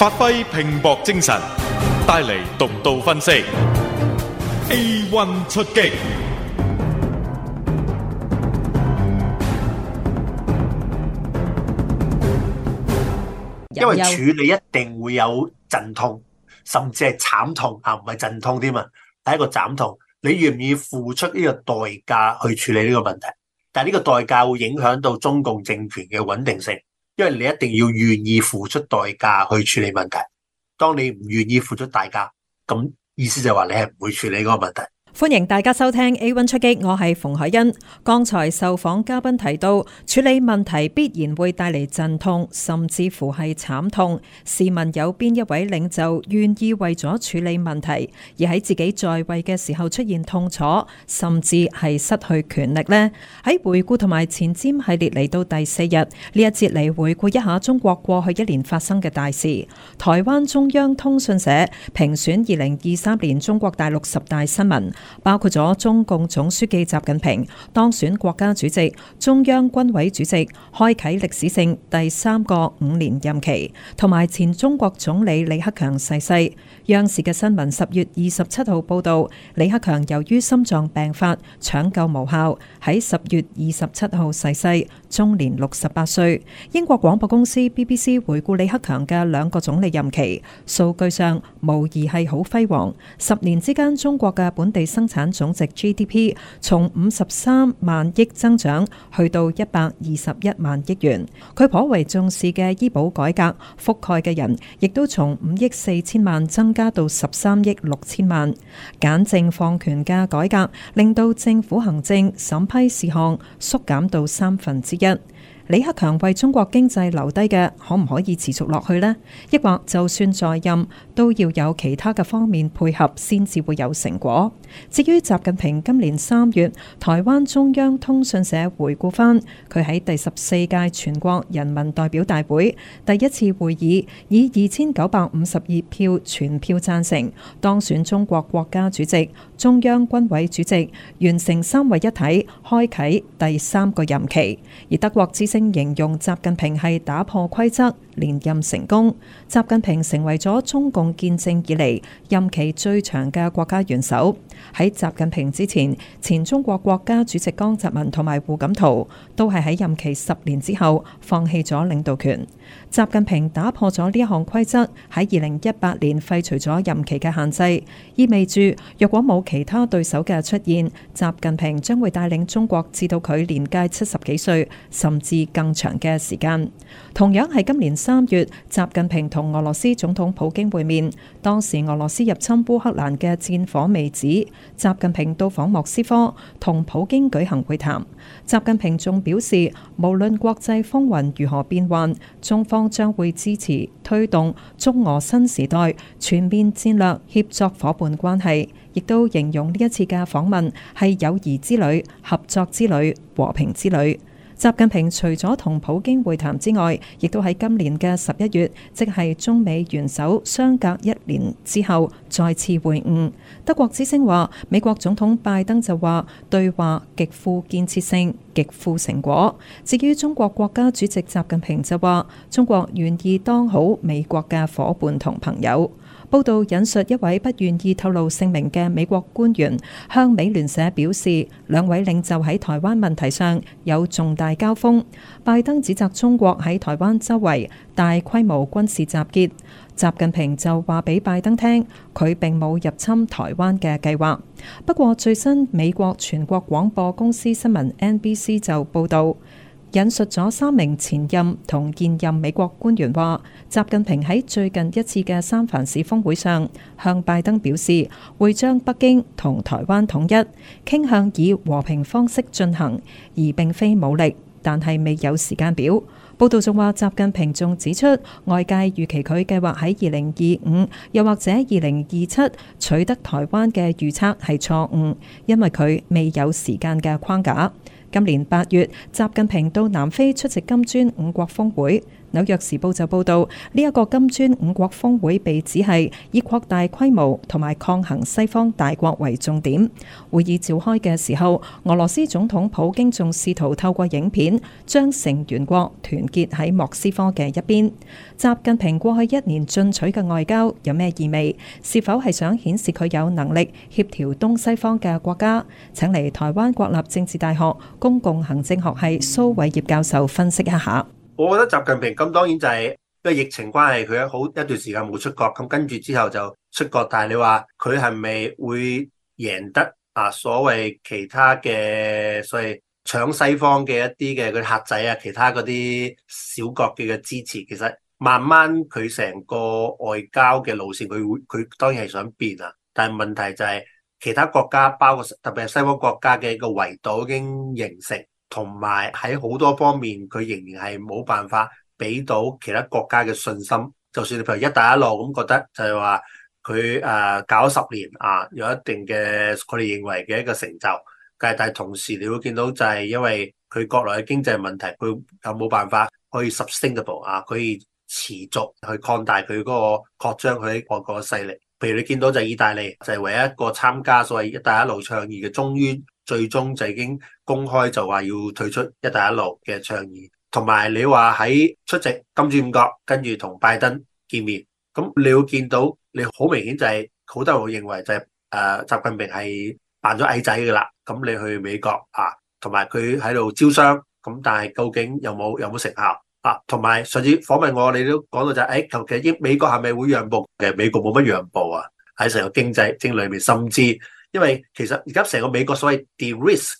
發揮拼搏精神，帶嚟獨到分析。A one 出擊，因為處理一定會有陣痛，甚至係慘痛啊，唔係陣痛添啊，第一個慘痛。你願唔願意付出呢個代價去處理呢個問題？但係呢個代價會影響到中共政權嘅穩定性。因為你一定要願意付出代價去處理問題。當你唔願意付出代價，咁意思就係話你係唔會處理嗰個問題。歡迎大家收聽 A1 出擊，我係馮凱欣。剛才受訪嘉賓提到處理問題必然會帶嚟陣痛，甚至乎係慘痛。試問有邊一位領袖願意為咗處理問題而喺自己在位嘅時候出現痛楚，甚至係失去權力呢？喺回顧同埋前瞻系列嚟到第四日呢一節嚟回顧一下中國過去一年發生嘅大事。台灣中央通訊社評選二零二三年中國大陸十大新聞。包括咗中共總書記習近平當選國家主席、中央軍委主席，開啟歷史性第三個五年任期，同埋前中國總理李克強逝世。央視嘅新聞十月二十七號報道，李克強由於心臟病發搶救無效，喺十月二十七號逝世，終年六十八歲。英國廣播公司 BBC 回顧李克強嘅兩個總理任期，數據上無疑係好輝煌。十年之間，中國嘅本地生產總值 GDP 從五十三萬億增長去到一百二十一萬億元，佢頗為重視嘅醫保改革覆蓋嘅人亦都從五億四千萬增加到十三億六千萬。簡政放權嘅改革令到政府行政審批事項縮減到三分之一。李克強為中國經濟留低嘅，可唔可以持續落去呢？抑或就算在任，都要有其他嘅方面配合先至會有成果。至於習近平今年三月，台灣中央通訊社回顧翻佢喺第十四屆全國人民代表大會第一次會議以二千九百五十二票全票贊成當選中國國家主席、中央軍委主席，完成三位一體，開啟第三個任期。而德國之聲形容習近平係打破規則連任成功，習近平成為咗中共建政以嚟任期最長嘅國家元首。喺習近平之前，前中國國家主席江澤民同埋胡錦濤都係喺任期十年之後放棄咗領導權。習近平打破咗呢項規則，喺二零一八年廢除咗任期嘅限制，意味住若果冇其他對手嘅出現，習近平將會帶領中國至到佢年屆七十幾歲甚至更長嘅時間。同樣係今年三月，習近平同俄羅斯總統普京會面，當時俄羅斯入侵烏克蘭嘅戰火未止。習近平到訪莫斯科，同普京舉行會談。習近平仲表示，無論國際風雲如何變幻，中方將會支持推動中俄新時代全面戰略協作夥伴關係，亦都形容呢一次嘅訪問係友誼之旅、合作之旅、和平之旅。習近平除咗同普京會談之外，亦都喺今年嘅十一月，即係中美元首相隔一年之後再次會晤。德國之聲話，美國總統拜登就話對話極富建設性、極富成果。至於中國國家主席習近平就話，中國願意當好美國嘅夥伴同朋友。報道引述一位不願意透露姓名嘅美國官員向美聯社表示，兩位領袖喺台灣問題上有重大交鋒。拜登指責中國喺台灣周圍大規模軍事集結，習近平就話畀拜登聽，佢並冇入侵台灣嘅計劃。不過，最新美國全國廣播公司新聞 NBC 就報導，引述咗三名前任同現任美國官員話習近平喺最近一次嘅三藩市峰會上，向拜登表示會將北京同台灣統一，傾向以和平方式進行，而並非武力。但係未有時間表。報道仲話習近平仲指出，外界預期佢計劃喺二零二五又或者二零二七取得台灣嘅預測係錯誤，因為，佢未有時間嘅框架。今年八月，習近平到南非出席金磚五國峰會。《紐約時報》就報道，呢一個金磚五國峰會被指係以擴大規模同埋抗衡西方大國為重點。會議召開嘅時候，俄羅斯總統普京仲試圖透過影片將成員國團結喺莫斯科嘅一邊。習近平過去一年進取嘅外交有咩意味？是否係想顯示佢有能力協調東西方嘅國家？請嚟台灣國立政治大學公共行政學系蘇偉業教授分析一下。我覺得習近平咁當然就係，因為疫情關係，佢好一段時間冇出國，咁跟住之後就出國。但係你話佢係咪會贏得啊所謂其他嘅所謂搶西方嘅一啲嘅啲客仔啊，其他嗰啲小國嘅嘅支持？其實慢慢佢成個外交嘅路線，佢會佢當然係想變啊。但係問題就係、是、其他國家，包括特別係西方國家嘅一個圍堵已經形成。同埋喺好多方面，佢仍然係冇辦法俾到其他國家嘅信心。就算你，譬如一帶一路咁，覺得就係話，佢誒搞十年啊，有一定嘅佢哋認為嘅一個成就。但係同時你會見到就係因為佢國內嘅經濟問題，佢有冇辦法可以 sustainable 啊？佢可以持續去擴大佢嗰個擴張佢喺外國嘅勢力。譬如你見到就係意大利，就係唯一一個參加所謂一帶一路倡議嘅中於。最終就已經公開就話要退出一帶一路嘅倡議，同埋你話喺出席金磚五國，跟住同拜登見面，咁你會見到你好明顯就係、是、好多人會認為就係誒習近平係扮咗矮仔噶啦，咁你去美國啊，同埋佢喺度招商，咁但係究竟有冇有冇成效啊？同埋上次訪問我，你都講到就係、是、誒、哎，其實美國係咪會讓步嘅？美國冇乜讓步啊，喺成個經濟戰入面，甚至。因為其實而家成個美國所謂 de-risk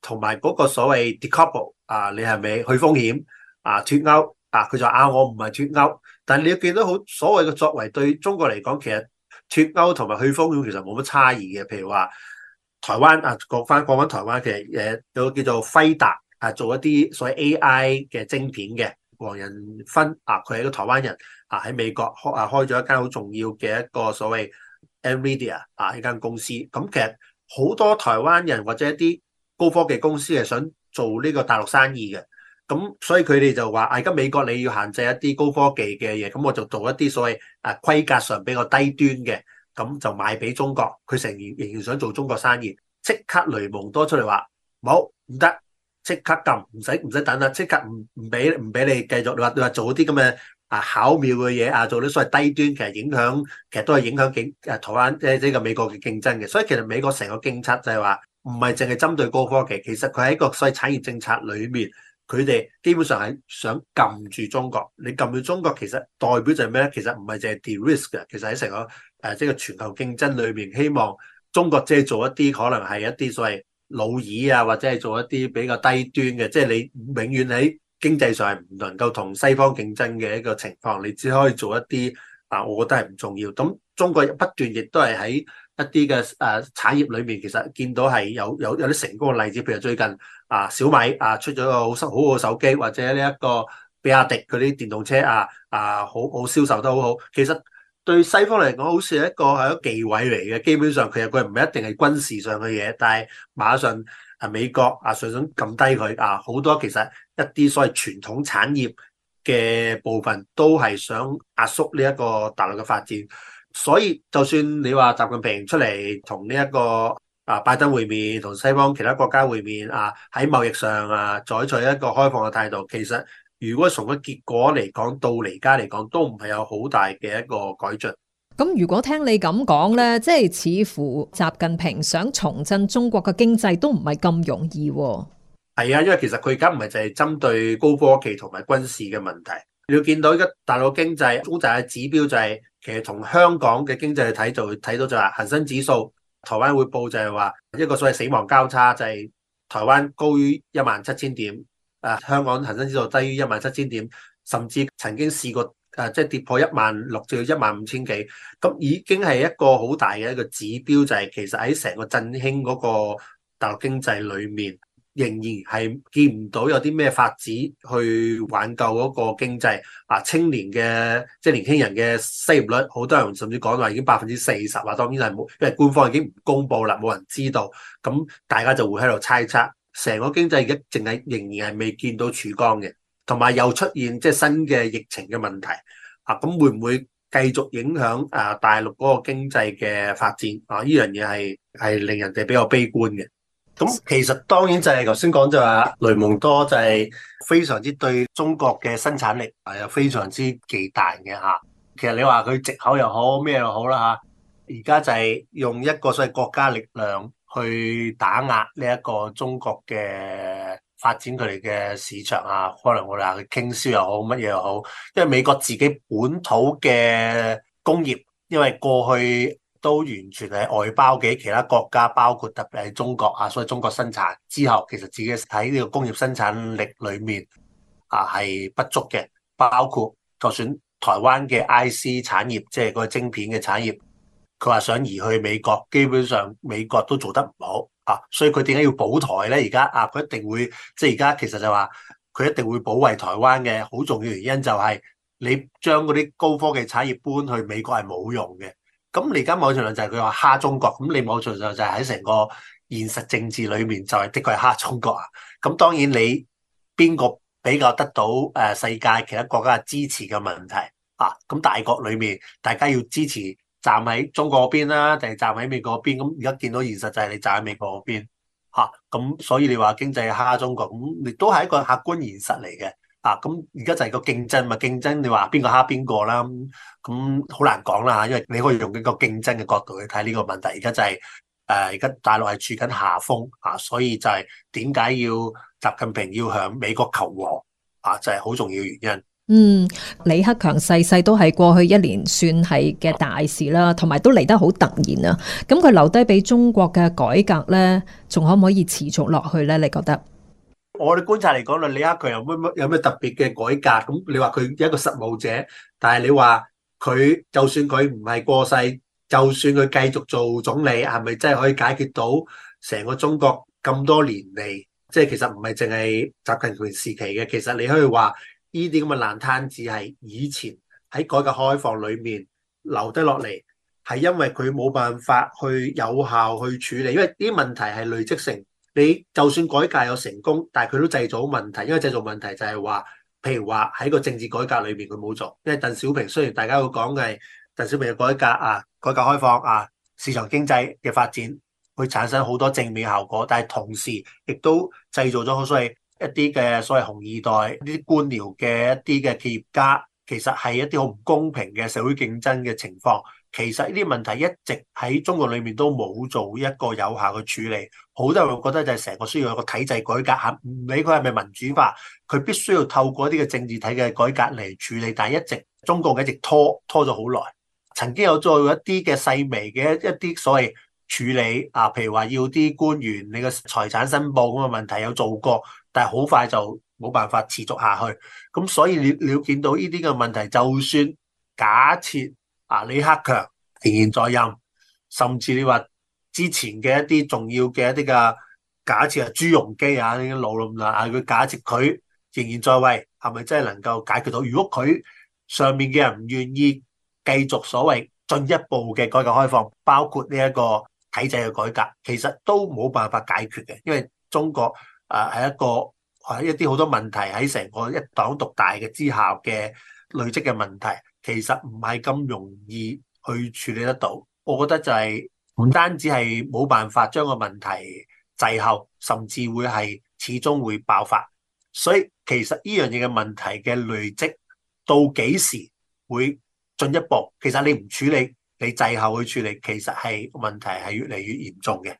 同埋嗰個所謂 decouple 啊，你係咪去風險啊脫鈎啊？佢、啊、就話、啊、我唔係脫鈎，但你要見到好所謂嘅作為對中國嚟講，其實脫鈎同埋去風險其實冇乜差異嘅。譬如話台灣啊，講翻講翻台灣，其實誒有個叫做輝達啊，做一啲所謂 AI 嘅晶片嘅黃仁勳。啊，佢係一個台灣人啊，喺美國啊開咗一間好重要嘅一個所謂。Nvidia 啊，呢間公司咁其實好多台灣人或者一啲高科技公司係想做呢個大陸生意嘅，咁所以佢哋就話，啊，而家美國你要限制一啲高科技嘅嘢，咁我就做一啲所謂啊規格上比較低端嘅，咁就賣俾中國。佢成日仍然想做中國生意，即刻雷蒙多出嚟話：冇唔得，即刻撳，唔使唔使等啦，即刻唔唔俾唔俾你繼續，你話你話做啲咁嘅。啊，巧妙嘅嘢啊，做啲所謂低端，其實影響其實都係影響競誒、啊、台灣即係呢個美國嘅競爭嘅。所以其實美國成個政策就係話，唔係淨係針對高科技，其實佢喺個所謂產業政策裏面，佢哋基本上係想撳住中國。你撳住中國，其實代表就係咩？其實唔係淨係 de-risk 嘅，其實喺成個誒、啊、即係全球競爭裏面，希望中國即係做一啲可能係一啲所謂老二啊，或者係做一啲比較低端嘅，即係你永遠喺。經濟上係唔能夠同西方競爭嘅一個情況，你只可以做一啲啊，我覺得係唔重要。咁中國不斷亦都係喺一啲嘅誒產業裏面，其實見到係有有有啲成功嘅例子。譬如最近啊，小米啊出咗個好好嘅手機，或者呢一個比亞迪嗰啲電動車啊啊，好好銷售得好好。其實對西方嚟講，好似係一個係一個忌位嚟嘅。基本上其實佢唔一定係軍事上嘅嘢，但係馬上。啊！美國啊，想想撳低佢啊，好多其實一啲所謂傳統產業嘅部分都係想壓縮呢一個大陸嘅發展，所以就算你話習近平出嚟同呢一個啊拜登會面，同西方其他國家會面啊，喺貿易上啊採取一個開放嘅態度，其實如果從個結果嚟講，到嚟家嚟講都唔係有好大嘅一個改進。咁如果聽你咁講咧，即係似乎習近平想重振中國嘅經濟都唔係咁容易，啊。係啊，因為其實佢而家唔係就係針對高科技同埋軍事嘅問題。你要見到而家大陸經濟，好大嘅指標就係，是，其實同香港嘅經濟去睇就會睇到就話恒生指數，台灣會報就係話一個所謂死亡交叉，就係台灣高於一萬七千點，誒、啊、香港恒生指數低於一萬七千點，甚至曾經試過。啊！即係跌破一萬六至到一萬五千幾，咁已經係一個好大嘅一個指標，就係其實喺成個振興嗰個大陸經濟裏面，仍然係見唔到有啲咩法子去挽救嗰個經濟。啊，青年嘅即係年輕人嘅失業率，好多人甚至講到話已經百分之四十啊！當然係冇，因為官方已經唔公佈啦，冇人知道，咁大家就會喺度猜測，成個經濟而家淨係仍然係未見到曙光嘅。同埋又出現即係新嘅疫情嘅問題啊！咁會唔會繼續影響誒大陸嗰個經濟嘅發展啊？呢樣嘢係係令人哋比較悲觀嘅。咁其實當然就係頭先講就話雷蒙多就係非常之對中國嘅生產力係又非常之忌憚嘅嚇。其實你話佢藉口又好咩又好啦嚇，而家就係用一個所謂國家力量去打壓呢一個中國嘅。發展佢哋嘅市場啊，可能我哋話佢傾銷又好，乜嘢又好，因為美國自己本土嘅工業，因為過去都完全係外包嘅其他國家，包括特別係中國啊，所以中國生產之後，其實自己喺呢個工業生產力裏面啊係不足嘅，包括就算台灣嘅 IC 產業，即係個晶片嘅產業。佢話想移去美國，基本上美國都做得唔好啊，所以佢點解要保台咧？而家啊，佢一定會即係而家其實就話佢一定會保衞台灣嘅好重要原因就係你將嗰啲高科技產業搬去美國係冇用嘅。咁你而家網上論就係佢話蝦中國，咁你網上論就係喺成個現實政治裏面就係的確係蝦中國啊。咁當然你邊個比較得到誒世界其他國家嘅支持嘅問題啊？咁大國裏面大家要支持。站喺中國嗰邊啦、啊，定係站喺美國嗰邊？咁而家見到現實就係你站喺美國嗰邊咁、啊、所以你話經濟蝦中國，咁亦都係一個客觀現實嚟嘅。啊，咁而家就係個競爭嘛，競爭你話邊個蝦邊個啦，咁好難講啦嚇。因為你可以用一個競爭嘅角度去睇呢個問題。而家就係誒而家大陸係處緊下風嚇、啊，所以就係點解要習近平要向美國求和啊？就係、是、好重要原因。嗯，李克強逝世都係過去一年算係嘅大事啦，同埋都嚟得好突然啊！咁佢留低俾中國嘅改革咧，仲可唔可以持續落去咧？你覺得？我哋觀察嚟講啦，李克強有乜乜有乜特別嘅改革？咁你話佢一個實務者，但係你話佢就算佢唔係過世，就算佢繼續做總理，係咪真係可以解決到成個中國咁多年嚟？即係其實唔係淨係習近平時期嘅，其實你可以話，呢啲咁嘅爛攤子係以前喺改革開放裏面留低落嚟，係因為佢冇辦法去有效去處理，因為啲問題係累積性。你就算改革有成功，但係佢都製造問題，因為製造問題就係話，譬如話喺個政治改革裏面佢冇做，因為鄧小平雖然大家會講嘅係鄧小平嘅改革啊，改革開放啊，市場經濟嘅發展，會產生好多正面效果，但係同時亦都製造咗好多嘢。一啲嘅所謂紅二代，呢啲官僚嘅一啲嘅企業家，其實係一啲好唔公平嘅社會競爭嘅情況。其實呢啲問題一直喺中國裏面都冇做一個有效嘅處理。好多人會覺得就係成個需要有個體制改革吓，唔理佢係咪民主化，佢必須要透過一啲嘅政治體制改革嚟處理。但係一直中國一直拖拖咗好耐，曾經有做一啲嘅細微嘅一啲所謂。處理啊，譬如話要啲官員你個財產申報咁嘅問題有做過，但係好快就冇辦法持續下去。咁所以你了見到呢啲嘅問題，就算假設啊李克強仍然在任，甚至你話之前嘅一啲重要嘅一啲嘅假設啊朱鎔基啊呢啲老領導啊，佢假設佢仍然在位，係咪真係能夠解決到？如果佢上面嘅人唔願意繼續所謂進一步嘅改革開放，包括呢一個。體制嘅改革，其實都冇辦法解決嘅。因為中國誒，係一個喺一啲好多問題，喺成個一黨獨大嘅之下嘅累積嘅問題，其實唔係咁容易去處理得到。我覺得就係唔單止係冇辦法將個問題滯後，甚至會係始終會爆發。所以其實呢樣嘢嘅問題嘅累積到幾時會進一步？其實你唔處理。你滯後去處理，其實係問題係越嚟越嚴重嘅。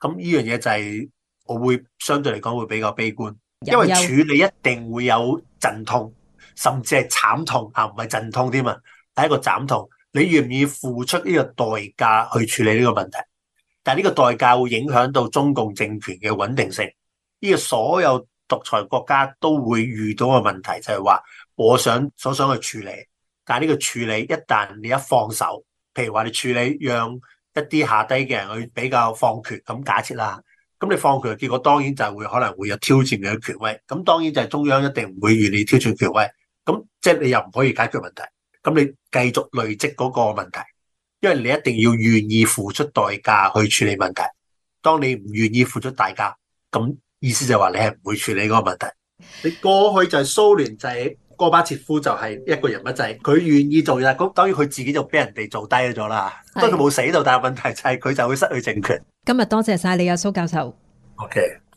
咁呢樣嘢就係、是、我會相對嚟講會比較悲觀，因為處理一定會有陣痛，甚至係慘痛啊，唔係陣痛添啊，係一個慘痛。你願唔願意付出呢個代價去處理呢個問題？但係呢個代價會影響到中共政權嘅穩定性。呢、這個所有獨裁國家都會遇到嘅問題就係、是、話，我想所想去處理，但係呢個處理一旦你一放手。譬如話你處理讓一啲下低嘅人去比較放權，咁假設啦，咁你放權嘅結果當然就會可能會有挑戰嘅權威，咁當然就係中央一定唔會願意挑戰權威，咁即係你又唔可以解決問題，咁你繼續累積嗰個問題，因為你一定要願意付出代價去處理問題，當你唔願意付出代價，咁意思就係話你係唔會處理嗰個問題，你過去就係蘇聯就係。哥巴切夫就係一個人物制，佢願意做嘢，咁當然佢自己就俾人哋做低咗啦。不過佢冇死到，但係問題就係佢就會失去政權。今日多謝晒你啊，蘇教授。OK。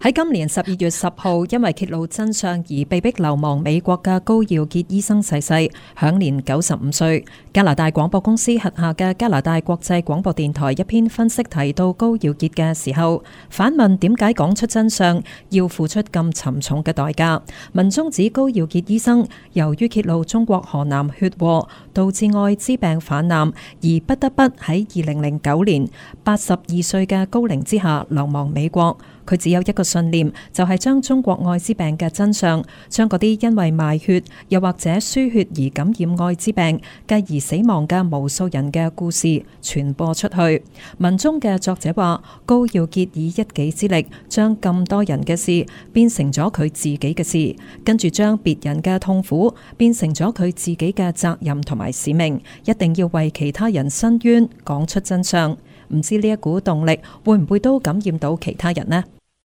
喺今年十二月十號，因為揭露真相而被逼流亡美國嘅高耀杰醫生逝世，享年九十五歲。加拿大廣播公司轄下嘅加拿大國際廣播電台一篇分析提到高耀杰嘅時候，反問點解講出真相要付出咁沉重嘅代價？文中指高耀杰醫生由於揭露中國河南血禍，導致艾滋病泛濫，而不得不喺二零零九年八十二歲嘅高齡之下流亡美國。佢只有一個信念，就係將中國艾滋病嘅真相，將嗰啲因為賣血又或者輸血而感染艾滋病繼而死亡嘅無數人嘅故事傳播出去。文中嘅作者話：高耀潔以一己之力，將咁多人嘅事變成咗佢自己嘅事，跟住將別人嘅痛苦變成咗佢自己嘅責任同埋使命，一定要為其他人伸冤，講出真相。唔知呢一股動力會唔會都感染到其他人呢？